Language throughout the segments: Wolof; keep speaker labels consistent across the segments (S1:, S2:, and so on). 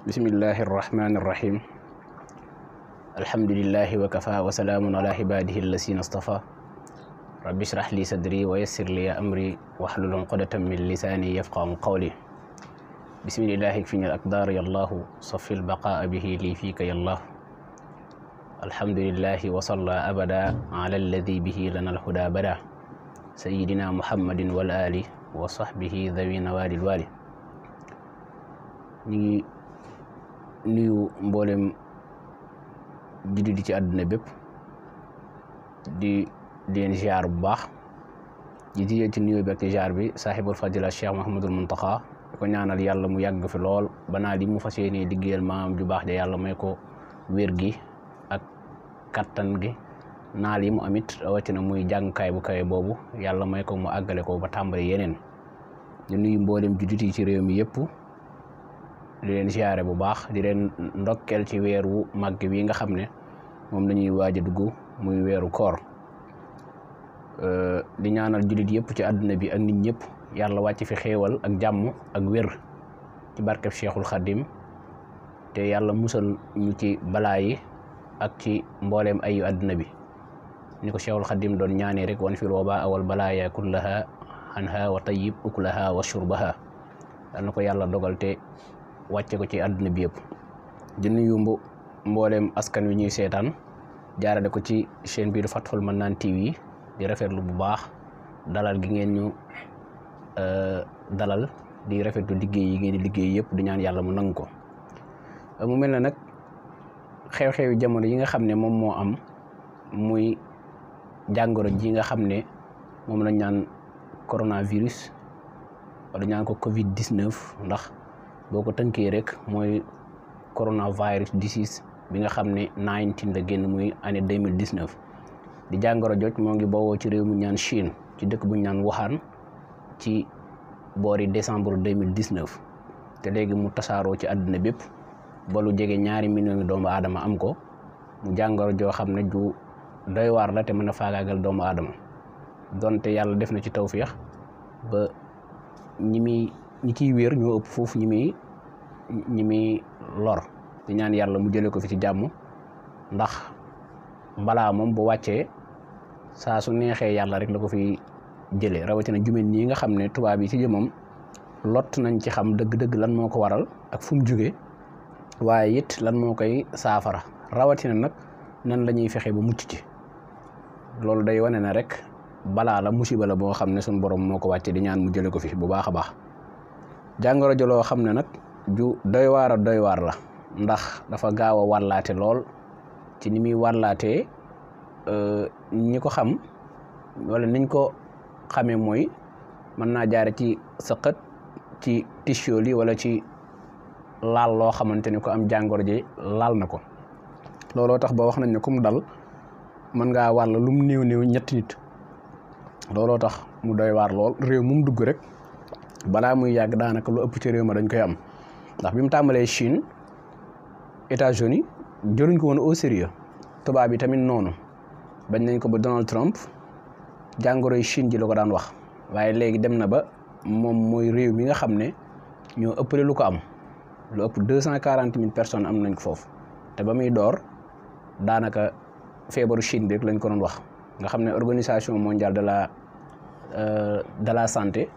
S1: bismillahi arrahmani irrahim alhamdulilahi wa kafa wa salaamun ala ibaadihi allasina stafa rabbi shrah li sadri wa yassir li amri wahlul uqdatan min lisaani yafqahu qawli bismillahi fi al aqdar yallahu safi al baqaa bihi li fika yallah alhamdulillahi wa salla abada ala alladhi bihi lana al huda bada sayyidina muhammadin wal ali wa sahbihi dhawi nawadil wali ñu ngi nuyu mboolem juddu ci àdduna bépp di leen ziar bu baax di ci nuyu bekk ziar bi saaxibul fadila cheikh mahamadul muntaxa ko ñaanal yàlla mu yàgg fi lool banaa li mu fas yéenee liggéeyal maam ju baax ja yàlla may ko wér gi ak kattan gi naal yi mu amit rawatina muy jàngkaay bu kawe boobu yàlla may ko mu àggale ko ba tàmbali yeneen di nuyu mboolem ci réew mi yëpp di leen siyaare bu baax di leen ndokkeel ci weeru wu màgg wi nga xam ne moom lañuy ñuy waaj a dugg muy weeru koor di ñaanal jullit yépp ci àdduna bi ak nit ñëpp yàlla wàcc fi xéewal ak jàmm ak wér ci barkeb Cheikhul Khadim te yàlla musal ñu ci balaa yi ak ci mboolem ay àdduna bi ni ko Cheikhul Khadim doon ñaane rek wan fil wabaa wal balaaya kullaha anha wa tayyib ukulaha wa shurbaha dal na ko yàlla dogal te wàcce ko ci àdduna bi yëpp di nuyu mbo mboolem askan wi ñuy seetaan jaarale ko ci chaîne bii di Fathul Mannan TV di rafetlu bu baax dalal gi ngeen ñu euh, dalal di rafetlu liggéey yi ngeen di liggéey yëpp di ñaan yàlla mu nangu ko euh, mu mel ne nag xew jamono yi nga xam ne moom moo am muy jàngoro ji nga xam ne moom lañ naan coronavirus wala ñaan ko Covid 19 ndax. boo ko tënkee rek mooy coronavirus disease bi nga xam ne 19 la génn muy année 2019 di jàngoro jot moo ngi bawoo ci réew mu ñaan Chine ci dëkk bu ñaan Wuhan ci boori décembre 2019 te léegi mu tasaaroo ci àdduna bépp ba jege ñaari millions doomu aadama am ko mu jàngoro joo xam ne ju doy waar la te mën a faagaagal doomu aadama donte yàlla def na ci tawféex ba ñi ñi ciy wéer ñoo ëpp foofu ñi muy ñi muy lor di ñaan yàlla mu jële ko fi ci jàmm ndax mbalaa moom bu wàccee saa su neexee yàlla rek la ko fi jëlee rawatina jumeen nii nga xam ne tubaab yi ci jëmam lott nañ ci xam dëgg-dëgg lan moo ko waral ak fu mu jugee waaye it lan moo koy saafara rawatina nag nan la ñuy fexe ba mucc ci loolu day wane ne rek balaa la musiba la boo xam ne suñu borom moo ko wàccee di ñaan mu jëlee ko fi bu baax a jàngoro ji loo xam ne nag ju doy waar a doy waar la ndax dafa gaaw a wàllaate lool ci ni muy wàllaatee euh, ñi ko xam wala niñ ko xamee mooy mën naa jaare ci sëqët ci tissu li wala ci laal loo xamante ni ko am jàngoro ji laal na ko looloo tax ba wax nañ ne kum dal mën ngaa wàll lum néew néew ñetti nit looloo tax mu doy lool réew mum dugg rek balaa muy yàgg daanaka lu ëpp ci ma dañ koy am ndax bi mu tàmbalee Chine États-Unis jëluñ ko woon au sérieux tubaab yi tamit noonu bañ nañ ko ba Donald Trump jàngoroy Chine ji la ko daan wax waaye léegi dem na ba moom mooy réew mi nga xam ne ñoo ëppale lu ko am lu ëpp deux cent quarante mille personnes am nañ ko foofu te ba muy door daanaka feebaru Chine bi rek lañ ko doon wax nga xam ne organisation mondiale de la euh, de la santé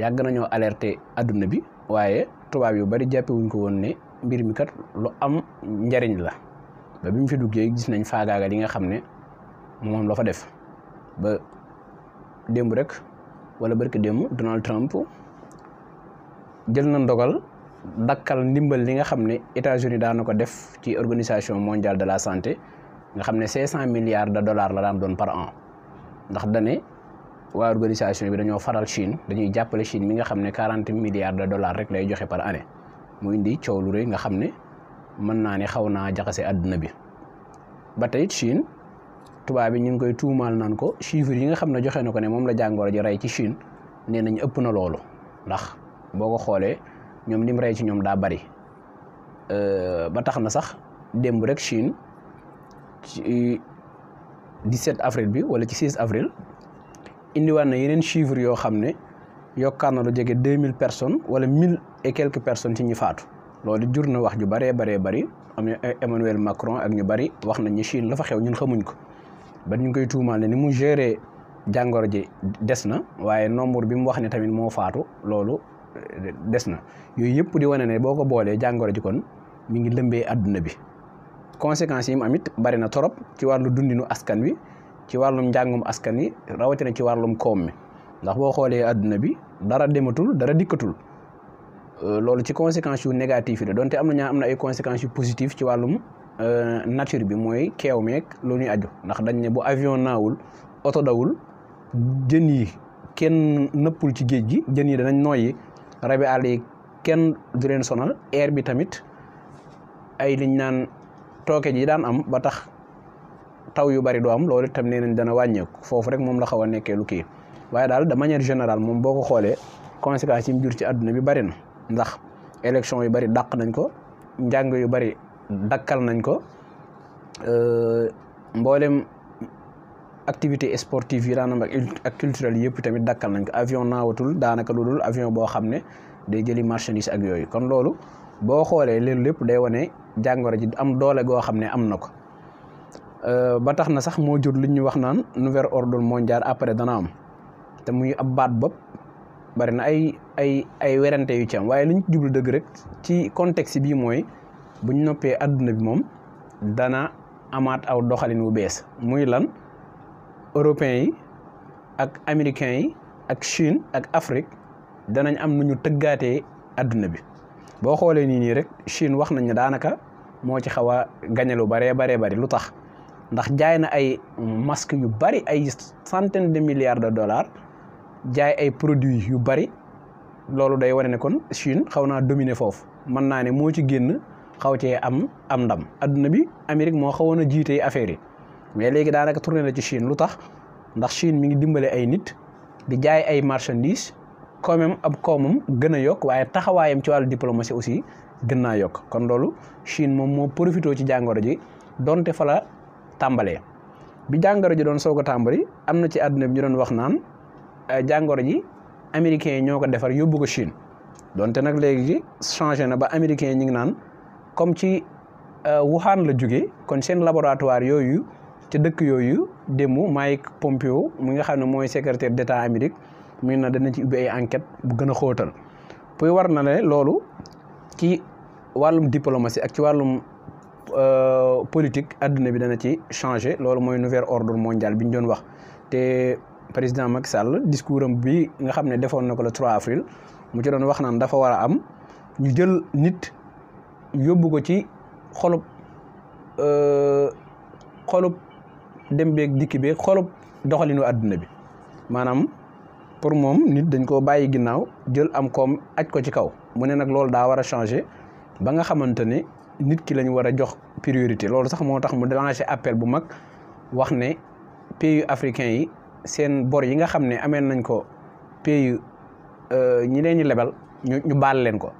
S1: yàgg nañoo alerté adduna bi waaye tubaab yu bari jàppe ko woon ne mbir mi kat lu am njariñ la ba bi fi duggee gis nañ faagaagal li nga xam ne moom la fa def ba démb rek wala barki démb Donald Trump jël na ndogal dakkal ndimbal li nga xam ne États-Unis daan na ko def ci organisation mondiale de la santé nga xam ne cinq cent milliards de dollars la daan doon par an ndax dane waa organisation bi dañoo faral Chine dañuy jàppale Chine mi nga xam ne quarante milliards de dollars rek lay joxe par année mu indi coow lu rëy nga xam ne mën naa ne xaw naa jaxase àdduna bi ba tey Chine tubaab bi ñu ngi koy tuumaal naan ko chiffres yi nga xam ne joxe na ko ne moom la jàngoro ji rey ci Chine nee nañ ëpp na loolu ndax boo ko xoolee ñoom lim rey ci ñoom daa bari euh, ba tax na sax démb rek Chine ci 17 avril bi wala ci 16 avril. indiwaat na yeneen chiffre yoo xam ne yokkaat na lu jege deux mille personnes wala mille et quelques personnes ci ñi faatu loolu jur na wax ju bëree baree bari am na Emmanuel Macron ak ñu bari wax na ñu Chine la fa xew ñun xamuñ ko ba ñu koy tuumaal ne ni mu géré jàngoro ji des na waaye nombre bi mu wax ne tamit moo faatu loolu euh, des na yooyu yëpp di wane ne boo ko boolee jàngoro ji kon mi ngi lëmbee adduna bi conséquences yi mu am bari na torop ci wàllu dundinu askan wi. ci wàllum njàngum askan yi rawatina ci wàllum koom mi ndax boo xoolee àdduna bi dara dematul dara dikkatul euh, loolu ci conséquences yu négatif yi la donte am na ñaa am na ay conséquences yu ci wàllum euh, nature bi mooy keew meeg lu ñuy ndax dañ ne bu avion naawul oto dawul jën yi kenn nëppul ci géej gi jën yi danañ nooyi rabi àll yi kenn du sonal air bi tamit ay liñ naan tooke ji daan am ba tax taw yu bari du am loolu itam nee nañ dana wàññeeku foofu rek moom la xaw a nekkee lu kii waaye daal de manière général moom boo ko xoolee conséquences yi ci àdduna bi bari na ndax élection yu bari dàq nañ ko njàng yu bari dakkal nañ ko euh, mboolem activité sportive yi daanam ak culturelle yëpp tamit dakkal nañ ko avion naawatul daanaka lu dul avion boo xam ne day jëli marchandise ak yooyu kon loolu boo xoolee léegi lépp day wane jàngoro ji am doole goo xam ne am na ko. Euh, ba tax na sax moo jur lu ñuy wax naan nouvel ordre mondial après dana am te muy ab baat bopp bari na ay ay ay werante yu ci am waaye li ñu jublu dëgg rek ci contexte bii mooy bu ñu noppee adduna bi moom dana amaat aw doxalin wu bees muy lan européens yi ak américains yi ak Chine ak Afrique danañ am nu ñu tëggaatee àdduna bi boo xoolee nii nii rek Chine wax nañ ne daanaka moo ci xaw a gañalu baree baree bari lu tax ndax jaay na ay masque yu bari ay centaine de milliards de dollars jaay ay produits yu bari loolu day ware ne kon Chine xaw naa dominer foofu mën naa ne moo ci génn xaw cee am am ndam adduna bi Amérique moo xawoon a jiite affaire yi mais léegi daanaka tourné na ci Chine lu tax ndax Chine mi ngi dimbale ay nit di jaay ay marchandises quand même ab koomam gën a yokk waaye taxawaayam ci wàllu diplomatie aussi gën naa yokk kon loolu Chine moom moo profité ci jàngoro ji donte tàmbalee bi jàngaro ji doon soog a tàmbali am na ci àdduna bi ñu doon wax naan eh, jàngoro ji américains yi ñoo ko defar yóbbu ko Chine donte nag léegi changé na ba américain yi ñu ngi naan comme ci eh, Wuhan la jóge kon seen laboratoire yooyu ci dëkk yooyu demu Mike Pompeo mu nga xam ne mooy secrétaire d'État Amérique mi na dana ci ubbi ay enquête bu gën a xóotal pour war loolu ci wàllum diplomatie ak ci wàllum Euh, politique adduna bi dana ci changé loolu mooy nouvel ordre mondial bi ñu doon wax te président Macky Sall discours am bi nga xam ne defoon na ko le 3 avril mu ci doon wax naan dafa war a am ñu jël nit yóbbu ko ci xolub euh, xolub dem beeg dikki beeg xolub doxalinu adduna bi maanaam pour moom nit dañ koo bàyyi ginnaaw jël am koom aj ko ci kaw mu ne nag loolu daa war a changé ba nga xamante nit ki lañ war a jox priorité loolu sax moo tax mu lancé appel bu mag wax ne pays africains yi seen bor yi nga xam ne amee nañ ko pays euh, ñi leen ñu lebal ñu ñu baal leen ko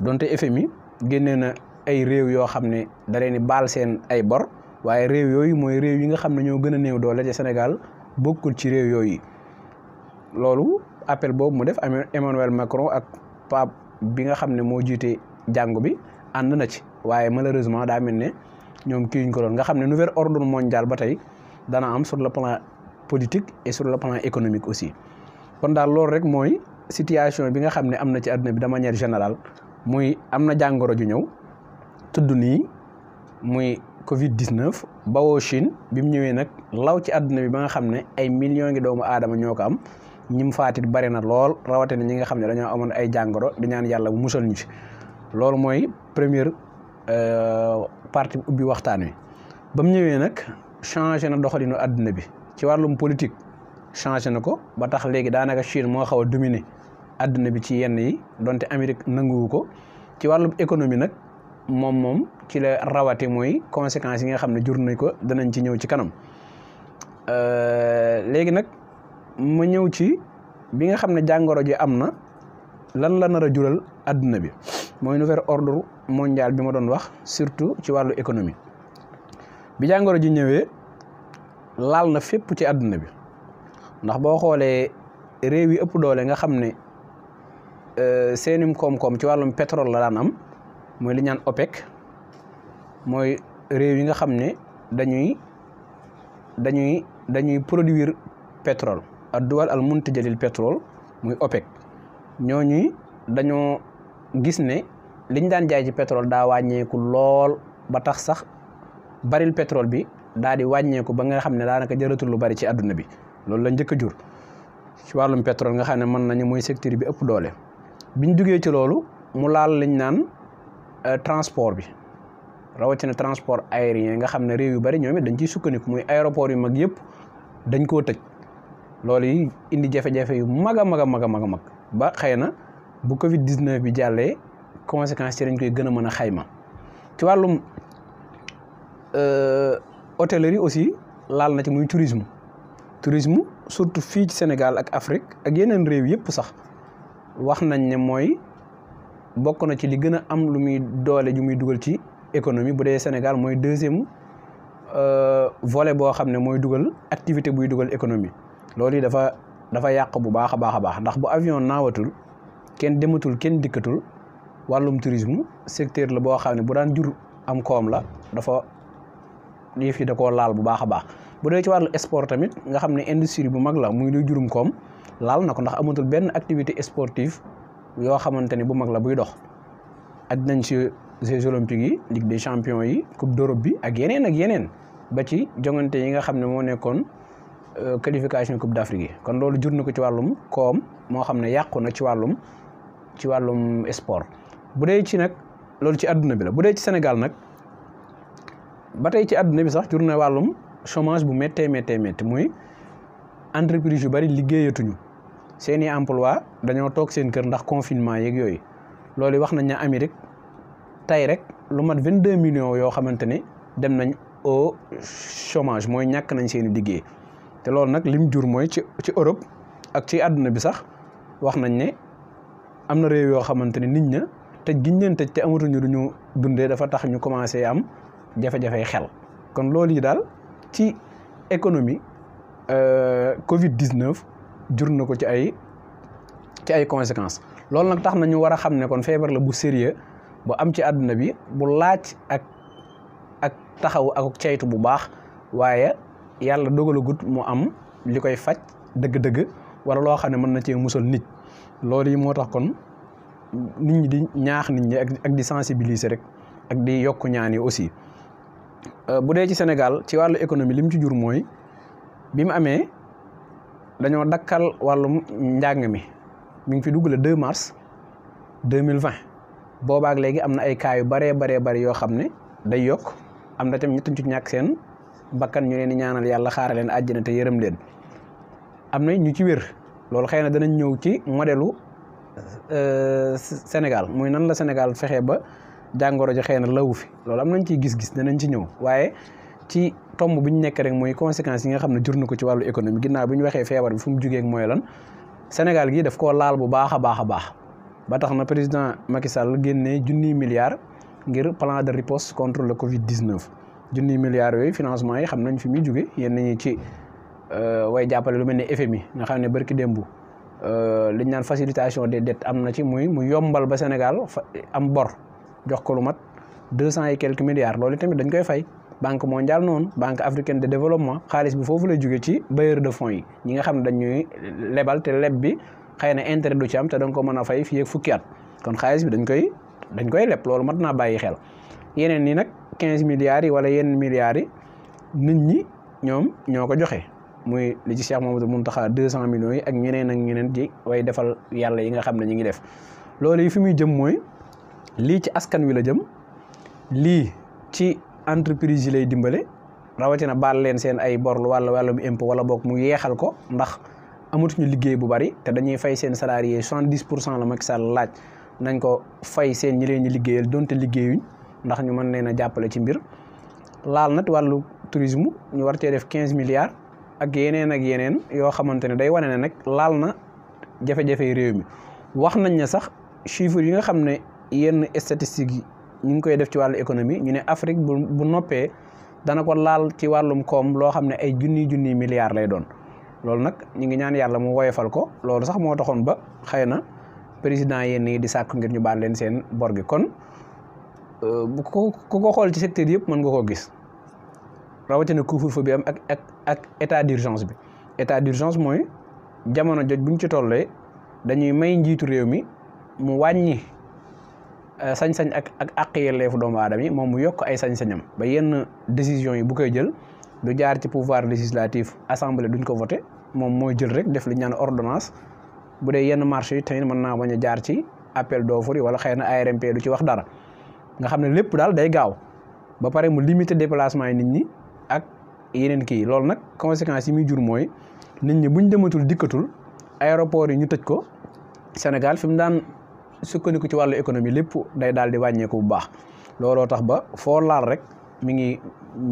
S1: donte FMI génnee na ay réew yoo xam ne da leen di baal seen ay bor waaye réew yooyu mooy réew yi nga xam ne ñoo gën a néew doole ci Sénégal bokkul ci réew yooyu loolu appel boobu mu def Emmanuel Macron ak Pape bi nga xam ne moo jiite jàngu bi ànd na ci. waaye malheureusement daa mel ne ñoom kii ñu ko doon nga xam ne nouvel ordre mondial ba tey dana am sur le plan politique et sur le plan économique aussi kon daal loolu rek mooy situation bi nga xam ne am na ci àdduna bi de manière générale muy am na jàngoro ju ñëw tudd ni muy Covid 19 bawoo Chine bi mu ñëwee nag law ci àdduna bi ba nga xam ne ay millions ngi doomu aadama ñoo ko am ñi mu faatit bari na lool rawatina ñi nga xam ne dañoo amoon ay jàngoro di ñaan yàlla mu musal ñu ci loolu mooy première. Euh, parti bi ubbi waxtaan wi ba mu ñëwee nag changé na doxalinu àdduna bi ci wàllum politique changé na ko ba tax léegi daanaka Chine moo xaw a dominé àdduna bi ci yenn yi donte Amérique nanguwu ko ci wàllum économie nag moom moom ci la rawate mooy conséquences yi nga xam ne jur nañ ko danañ ci ñëw ci kanam euh, léegi nag ma ñëw ci bi nga xam ne jàngoro ji am na lan la nar a jural àdduna bi. mooy nouvel ordre mondial bi ma doon wax surtout ci wàllu économie bi jàngoro ji ñëwee laal na fépp ci àdduna bi ndax boo xoolee réew yi ëpp doole nga xam ne euh, seenim koom-koom ci wàllum pétrole la daan am mooy li ñaan OPEC mooy réew yi nga xam ne dañuy dañuy dañuy produire petrole ad duwal al muntija lil pétrole muy OPEC ñooñu dañoo gis ne liñ daan jaay ci pétrole daa wàññeeku lool ba tax sax baril petrol bi daa di wàññeeku ba nga xam ne daanaka jaratul lu bari ci àdduna bi loolu la njëkk a jur ci wàllum pétrole nga xam ne mën nañu mooy secteur bi ëpp doole biñ jugee ci loolu mu laal liñ naan euh, transport bi rawatina transport yi nga xam ne réew yu bari ñoom dañ ciy sukkaniku muy aéroport yu mag yëpp dañ koo tëj loolu yi indi jafe-jafe yu mag a mag a mag a mag a mag ba xëy na bu Covid bi jàllee. conséquences ci dañ koy gën a mën a xayma ci wàllum euh, hôtellerie aussi laal na ci muy tourisme tourisme surtout fii ci Sénégal ak Afrique ak yeneen réew yëpp sax wax nañ ne mooy bokk na ci li gën a am lu muy doole ju muy dugal ci économie bu dee Sénégal mooy deuxième euh, volet boo xam ne mooy dugal activité buy dugal économie loolu yi dafa dafa yàq bu baax a baax a baax ndax bu avion naawatul kenn dematul kenn dikkatul wàllum tourisme secteur la boo xam ne bu daan jur am koom la dafa yëf yi da ko laal bu baax a baax bu dee ci wàllu sport tamit nga xam ne industrie bu mag la muy du jurum koom laal na ko ndax amatul benn activité sportive yoo xamante ni bu mag la buy dox aj nañ si jeux olympiques yi ligue des champions yi coupe d'Europe bi ak yeneen ak yeneen ba ci jongante yi nga xam ne moo nekkoon euh, qualification coupe d'Afrique yi kon loolu jur na ko ci wàllum koom moo xam ne yàqu na ci wàllum ci wàllum sport bu dee ci nag loolu ci àdduna bi la bu dee ci Sénégal nag ba tey ci àdduna bi sax jur na wàllum chômage bu méttee méttee métti muy entreprise yu bari liggéeyatuñu seeni emploi dañoo toog seen kër ndax confinement yeeg yooyu loolu wax nañ ne Amérique tey rek lu mat vingt deux millions yoo xamante ne dem nañ au chômage mooy ñàkk nañ seeni liggéey te loolu nag lim jur mooy ci ci Europe ak ci àdduna bi sax wax nañ ne am na réew yoo xamante ne nit ña tëj giñ leen tëj te amatuñu lu ñu dundee dafa tax ñu commencé am jafe-jafey xel kon loolu yi daal ci économie euh, Covid 19 jur na ko ci ay ci ay conséquences loolu nag tax na ñu war a xam ne kon feebar la bu sérieux bu am ci àdduna bi bu laaj ak ak taxaw ak ceytu bu baax waaye yàlla dogalagut mu am li koy faj dëgg-dëgg wala loo xam ne mën na cee musal nit loolu yi moo tax kon. nit ñi di ñaax nit ñi ak di sensibiliser rek ak di yokk ñaan yi aussi euh, bu dee ci Sénégal ci wàllu économie li ci jur mooy bi mu amee dañoo dakkal wàllum njàng mi mi ngi fi dugg le 2 mars 2020 boobaak léegi am na ay cas yu baree baree bari yoo xam ne day yokk am na tamit ñettuñ ci ñàkk seen bakkan ñu leen ñaanal yàlla xaare leen àjjana te yërëm leen am na ñu ci wér loolu xëy na ñëw ci modelu Euh, Sénégal muy nan la Sénégal fexe ba jàngoro ji xëy na lawu fi loolu am nañ ciy gis-gis nañ ci ñëw waaye ci tomb bi ñu nekk rek mooy conséquence yi nga xam ne jur na ko ci wàllu économie ginnaaw bi ñu waxee feebar bi fu mu jugee mooy lan Sénégal gii daf ko laal bu baax a baax a baax ba tax na président Macky Sall génnee junniy milliards ngir plan de riposte contre le Covid 19. junniy milliards yooyu financement yi xam nañ fi muy jugee yenn ñi ci euh, way jàppale lu mel ne FMI nga xam ne barki Euh, li ñu naan facilitation des dettes am na ci muy mu yombal ba Sénégal am bor jox ko lu mat deux cent et quelques milliards loolu tamit dañ koy fay banque mondiale noonu banque africaine de développement xaalis bi foofu lay jóge ci bailleur de fonds yi ñi nga xam dañuy lebal te leb bi xëy na intérêt du ci am te da ko mën a fay fii fukki at kon xaalis bi dañ koy dañ koy leb loolu mat naa bàyyi xel yeneen ni nag quinze milliards yi wala yenn milliards y nit ñi ñoom ñoo ko joxe muy li ci Cheikh Mamadou Mountakha deux cent millions yi ak ñeneen ak ñeneen ji way defal yàlla yi nga xam ne ñu ngi def loolu yi fi muy jëm mooy lii ci askan wi la jëm lii ci entreprise yi lay dimbale rawatina baal leen seen ay bor wàllu wàllum impôt wala boog mu yeexal ko ndax amatuñu liggéey bu bari te dañuy fay seen salarié soixante dix pour cent la mag Sall laaj nañ ko fay seen ñi leen ñu liggéeyal donte liggéeyuñ ndax ñu mën leen a jàppale ci mbir laal nag wàllu tourisme ñu war cee def quinze milliards. ak yeneen ak yeneen yoo xamante ne day wane na nag laal na jafe-jafe réew mi wax nañ ne sax chiffres yi nga xam ne yenn statistiques yi ñu ngi koy def ci wàllu économie ñu ne Afrique bu bu noppee dana ko laal ci wàllum koom loo xam ne ay junniy junniy milliards lay doon loolu nag ñu ngi ñaan yàlla mu woyefal ko loolu sax moo taxoon ba xëy na président yenn yi di sàkk ngir ñu baal leen seen bor gi kon euh, ku ko xool ci secteur yëpp mën nga koo gis. rawatina am ak ak ak état d'urgence bi état d'urgence mooy jamono bu buñ ci tollee dañuy may njiitu réew mi mu wàññi euh, sañ-sañ ak ak àq yelleefu doomu aadama yi moom mu yokk ay sañ ba yenn décision yi bu koy jël du jaar ci pouvoir législatif assemblée duñ ko voté moom mooy jël rek def li ñaan ordonnance bu dee yenn marché yi tamit mën naa bañ a jaar ci appel d'offre wala xëy na ARMP du ci wax dara nga xam ne lépp daal day gaaw ba pare mu limiter déplacement yi nit ñi yeneen kii loolu nag conséquences yi muy jur mooy nit ñi buñ dematul dikkatul aéroport yi ñu tëj ko Sénégal fi mu daan sukkandiku ci wàllu économie lépp day daal di wàññeeku bu baax looloo tax ba foo laal rek mi ngi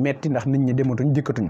S1: metti ndax nit ñi dematuñ dikkatuñ